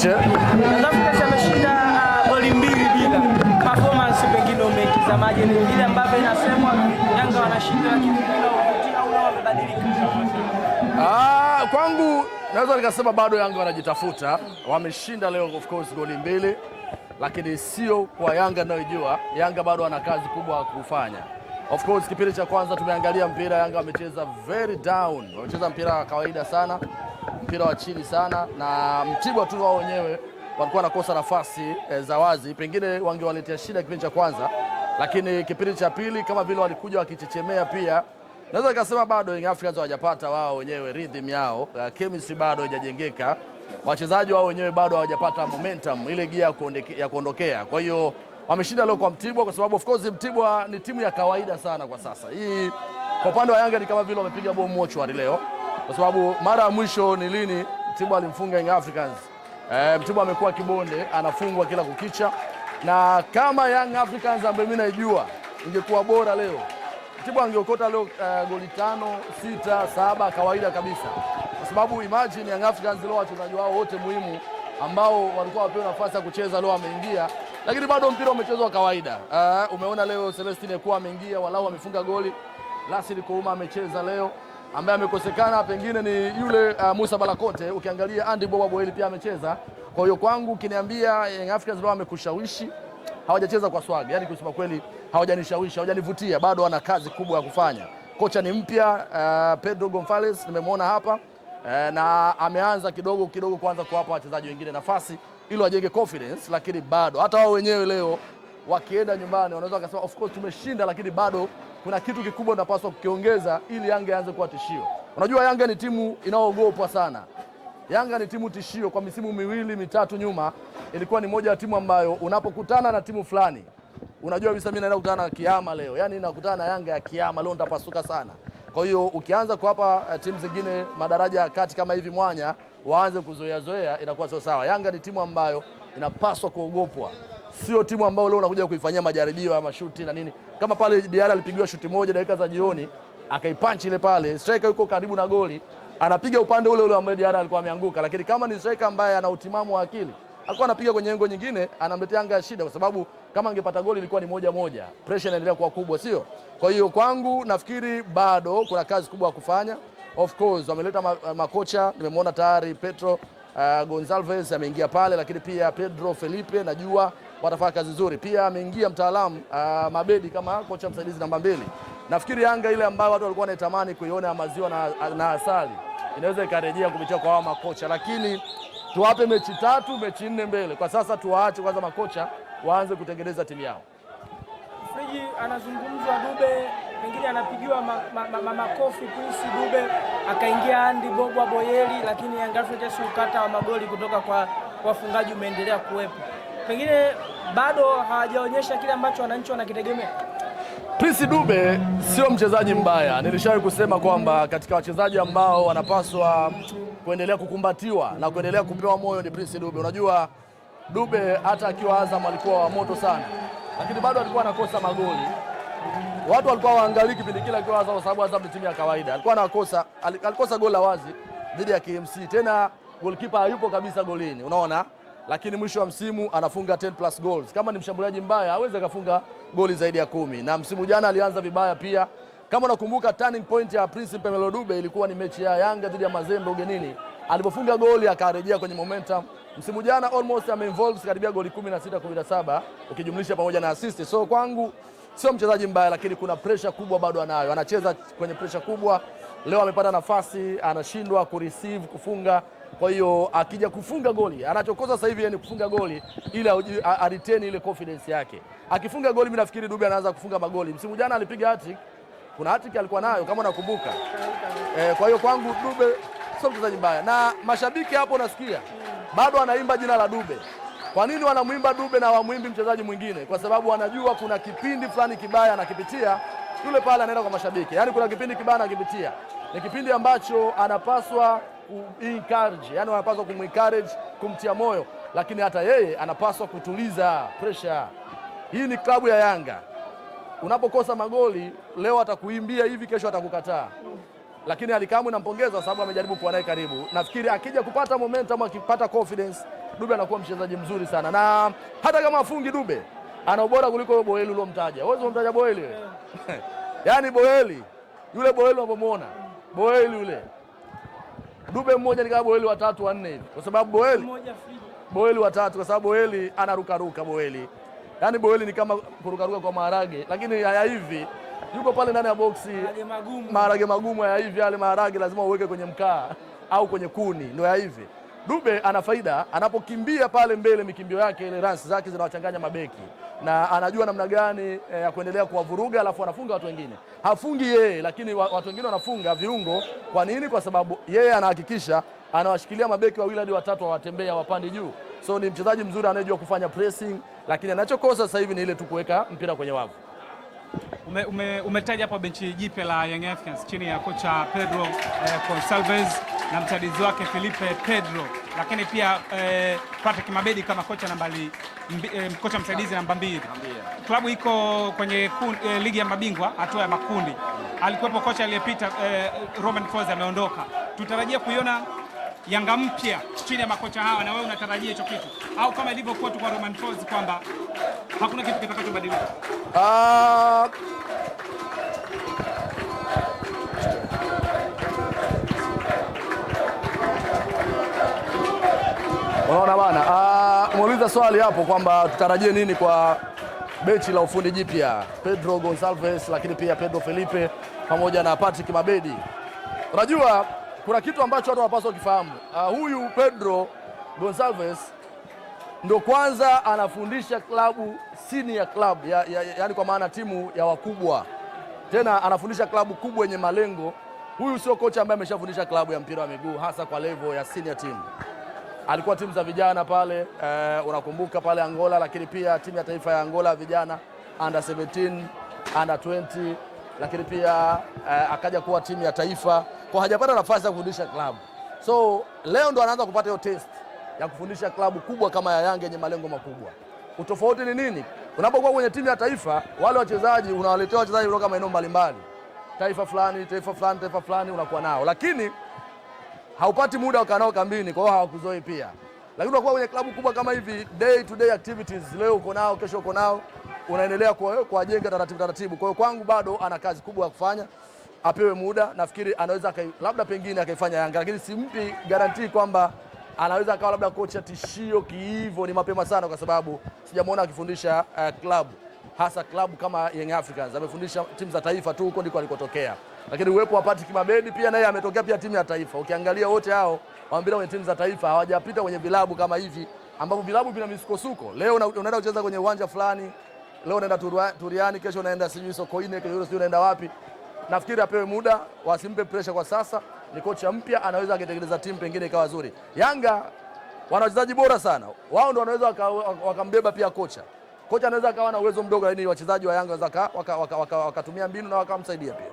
Kesho kesho ameshinda uh, goli mbili bila performance, pengine umeitazamaje ile ambavyo inasemwa Yanga wanashinda, lakini wamebadilika? Ah, kwangu naweza nikasema bado Yanga wanajitafuta. Wameshinda leo of course goli mbili, lakini sio kwa Yanga ninayojua. Yanga bado ana kazi kubwa ya kufanya. Of course kipindi cha kwanza tumeangalia mpira Yanga wamecheza very down, wamecheza mpira wa kawaida sana, mpira wa chini sana, na Mtibwa tu wao wenyewe walikuwa wanakosa nafasi e, za wazi, pengine wangewaletea shida kipindi cha kwanza, lakini kipindi cha pili kama vile walikuja wakichechemea pia naweza nikasema bado Young Africans hawajapata wao wenyewe rhythm yao, eh, chemistry bado haijajengeka, wachezaji wao wenyewe bado hawajapata momentum ile gia ya kuondokea. Kwa hiyo wameshinda leo kwa Mtibwa, kwa sababu of course Mtibwa ni timu ya kawaida sana kwa sasa. Hii kwa upande wa Yanga ni kama vile wamepiga bomu mochwari leo kwa sababu mara ya mwisho ni lini Mtibwa alimfunga Young Africans? E, Mtibwa amekuwa kibonde, anafungwa kila kukicha, na kama Young Africans ambaye mimi naijua ingekuwa bora leo Mtibwa angeokota leo uh, goli tano, sita, saba kawaida kabisa, kwa sababu imagine Young Africans leo wachezaji wao wote muhimu ambao walikuwa wapewa nafasi ya kucheza leo ameingia, lakini bado mpira umechezwa kawaida. Uh, umeona leo Celestine kuwa ameingia, walau amefunga goli. Lasili Kouma amecheza leo ambaye amekosekana pengine ni yule uh, Musa Balakote. Ukiangalia Andy Boba Boeli pia amecheza. Kwa hiyo kwangu ukiniambia eh, Young Africans leo amekushawishi, hawajacheza kwa swaga, yaani kusema kweli hawajanishawishi, hawajanivutia, bado wana kazi kubwa ya kufanya. Kocha ni mpya uh, Pedro Gonzalez nimemwona hapa uh, na ameanza kidogo kidogo kuanza kuwapa wachezaji wengine nafasi ili wajenge confidence, lakini bado hata wao wenyewe leo wakienda nyumbani wanaweza wakasema of course tumeshinda, lakini bado kuna kitu kikubwa unapaswa kukiongeza ili Yanga aanze kuwa tishio. Unajua Yanga ni timu inaoogopwa sana. Yanga ni timu tishio. Kwa misimu miwili mitatu nyuma, ilikuwa ni moja ya timu ambayo unapokutana na timu fulani unajua kabisa mimi naenda kukutana na kiama leo, yaani nakutana na Yanga ya kiama leo, nitapasuka sana. Kwa hiyo ukianza kuwapa eh, timu zingine madaraja ya kati kama hivi mwanya waanze kuzoea zoea, inakuwa sio sawa. Yanga ni timu ambayo inapaswa kuogopwa sio timu ambayo leo unakuja kuifanyia majaribio ya mashuti na nini. Kama pale Diara alipigiwa shuti moja dakika za jioni akaipanchi ile pale, striker yuko karibu na goli anapiga upande ule ule ambao Diara alikuwa ameanguka, lakini kama ni striker ambaye ana utimamu wa akili alikuwa anapiga kwenye engo nyingine, anamletea Yanga shida, kwa sababu kama angepata goli ilikuwa ni moja moja, pressure inaendelea kuwa kubwa, sio? Kwa hiyo kwangu nafikiri bado kuna kazi kubwa ya kufanya. Of course wameleta makocha, nimemwona tayari Petro uh, Gonzalez ameingia pale, lakini pia Pedro Felipe najua watafanya kazi nzuri. Pia ameingia mtaalamu uh, Mabedi kama kocha msaidizi namba mbili. Nafikiri Yanga ile ambayo watu walikuwa wanatamani kuiona ya maziwa na, na asali inaweza ikarejea kupitia kwa hao makocha, lakini tuwape mechi tatu mechi nne mbele. Kwa sasa tuwaache kwanza makocha waanze kutengeneza timu yao. Friji anazungumzwa Dube, pengine anapigiwa makofi ma, ma, ma, ma, Dube akaingia Andy bogwa Boyeli, lakini Yanga Africans ukata wa magoli kutoka kwa wafungaji umeendelea kuwepo pengine bado hawajaonyesha kile ambacho wananchi wanakitegemea. Prince Dube sio mchezaji mbaya, nilishawahi kusema kwamba katika wachezaji ambao wanapaswa kuendelea kukumbatiwa na kuendelea kupewa moyo ni Prince Dube. Unajua Dube hata akiwa Azam alikuwa wa moto sana, lakini bado alikuwa anakosa magoli. Watu walikuwa waangalii kipindi kile akiwa Azam, kwa sababu Azam ni timu ya kawaida. Alikuwa anakosa, alikosa goli la wazi dhidi ya KMC, tena goalkeeper hayupo kabisa golini, unaona lakini mwisho wa msimu anafunga 10 plus goals. Kama ni mshambuliaji mbaya hawezi akafunga goli zaidi ya kumi, na msimu jana alianza vibaya pia. Kama unakumbuka turning point ya Principe Melodube ilikuwa ni mechi ya Yanga dhidi ya Mazembe ugenini, alipofunga goli akarejea kwenye momentum. Msimu jana almost ameinvolve karibia goli 16 17, ukijumlisha pamoja na assist. So kwangu sio mchezaji mbaya, lakini kuna pressure kubwa bado anayo, anacheza kwenye pressure kubwa. Leo amepata nafasi anashindwa kureceive kufunga kwa hiyo akija kufunga goli, anachokosa sasa hivi ni kufunga goli ili aretain ile confidence yake. Akifunga goli, mimi nafikiri Dube anaanza kufunga magoli. Msimu jana alipiga hattrick, kuna hattrick alikuwa nayo kama unakumbuka eh. Kwa hiyo kwangu Dube sio mchezaji mbaya, na mashabiki hapo nasikia bado anaimba jina la Dube. Kwa nini wanamwimba Dube na wamwimbi mchezaji mwingine? Kwa sababu wanajua kuna kipindi fulani kibaya anakipitia yule pale, anaenda kwa mashabiki, yaani kuna kipindi kibaya anakipitia, ni kipindi ambacho anapaswa encourage, yani wanapaswa encourage kumtia moyo, lakini hata yeye anapaswa kutuliza pressure. Hii ni klabu ya Yanga. Unapokosa magoli leo atakuimbia hivi, kesho atakukataa, lakini Ally nampongeza, sababu amejaribu kuwa naye karibu. Nafikiri akija kupata momentum, akipata confidence, Dube anakuwa mchezaji mzuri sana, na hata kama afungi Dube ana ubora kuliko Boeli uliomtaja. Wewe unamtaja Boeli Yaani Boeli yule Boeli unapomwona Boeli yule Dube mmoja ni kama Boeli watatu wanne hivi, kwa sababu Boeli Boeli watatu, kwa sababu Boeli anarukaruka Boeli, yaani Boeli ni kama kurukaruka kwa maharage, lakini haya hivi yuko pale ndani ya boksi. Maharage magumu haya hivi, yale maharage lazima uweke kwenye mkaa au kwenye kuni, ndio haya hivi. Dube ana faida anapokimbia pale mbele, mikimbio yake ile runs zake zinawachanganya mabeki na anajua namna gani eh, ya kuendelea kuwavuruga, alafu anafunga watu wengine. Hafungi yeye, lakini watu wengine wanafunga viungo. Kwa nini? Kwa sababu yeye anahakikisha anawashikilia mabeki wawili hadi watatu wawatembea wapande juu. So ni mchezaji mzuri anayejua kufanya pressing, lakini anachokosa sasa hivi ni ile tu kuweka mpira kwenye wavu. Ume, ume, umetaja hapa benchi jipya la Young Africans chini ya kocha Pedro eh, na msaidizi wake Filipe Pedro, lakini pia eh, Patrick Mabedi kama kocha nambari eh, kocha msaidizi namba mbili. Klabu iko kwenye kun, eh, ligi ya mabingwa hatua ya makundi. Alikuwepo kocha aliyepita eh, Roman Folz ameondoka. Tutarajia kuiona Yanga mpya chini ya makocha hawa, na wewe unatarajia hicho kitu au kama ilivyokuwa tu kwa Roman Folz kwamba hakuna kitu kitakachobadilika? Uh, swali hapo kwamba tutarajie nini kwa bechi la ufundi jipya Pedro Gonsalves, lakini pia Pedro Felipe pamoja na Patrick Mabedi. Unajua kuna kitu ambacho watu wanapaswa kufahamu. Uh, ah, huyu Pedro Gonsalves ndo kwanza anafundisha klabu senior club ya, ya, ya, yani kwa maana timu ya wakubwa, tena anafundisha klabu kubwa yenye malengo. Huyu sio kocha ambaye ameshafundisha klabu ya mpira wa miguu hasa kwa level ya senior team alikuwa timu za vijana pale eh, unakumbuka pale Angola, lakini pia timu ya taifa ya Angola vijana under 17 under 20, lakini pia eh, akaja kuwa timu ya taifa kwa hajapata nafasi ya kufundisha klabu, so leo ndo anaanza kupata hiyo test ya kufundisha klabu kubwa kama ya Yanga yenye malengo makubwa. Utofauti ni nini? Unapokuwa kwenye timu ya taifa, wale wachezaji unawaletea wachezaji kutoka maeneo mbalimbali, taifa fulani, taifa fulani, taifa fulani, unakuwa nao lakini haupati muda wa nao kambini, kwa hiyo hawakuzoi pia. Lakini unakuwa kwenye klabu kubwa kama hivi, day to day activities, leo uko nao, kesho uko nao, unaendelea kuwajenga taratibu taratibu. Kwa hiyo kwangu bado ana kazi kubwa ya kufanya, apewe muda. Nafikiri anaweza labda pengine akaifanya Yanga, lakini simpi garantii kwamba anaweza akawa labda kocha tishio. Kiivo ni mapema sana, kwa sababu sijamwona akifundisha uh, klabu hasa klabu kama Young Africans, amefundisha timu za taifa tu, huko ndiko alikotokea. Lakini uwepo wa Patrick Mabedi pia naye ametokea pia timu ya taifa. Ukiangalia wote hao wamepita kwenye timu za taifa, hawajapita kwenye vilabu kama hivi ambapo vilabu vina misukosuko. Leo unaenda kucheza kwenye uwanja fulani, leo unaenda Turiani, kesho unaenda sijui Sokoine, kesho sijui unaenda wapi. Nafikiri apewe muda, wasimpe pressure kwa sasa. Ni kocha mpya, anaweza akatengeneza timu pengine ikawa nzuri. Yanga wana wachezaji bora sana, wao ndio wanaweza wakambeba waka pia kocha Kocha anaweza akawa na uwezo mdogo, lakini wachezaji wa Yanga wanaweza wakatumia waka, waka, waka mbinu na wakamsaidia pia.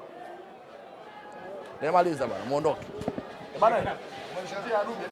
Nimaliza bwana, muondoke bwana.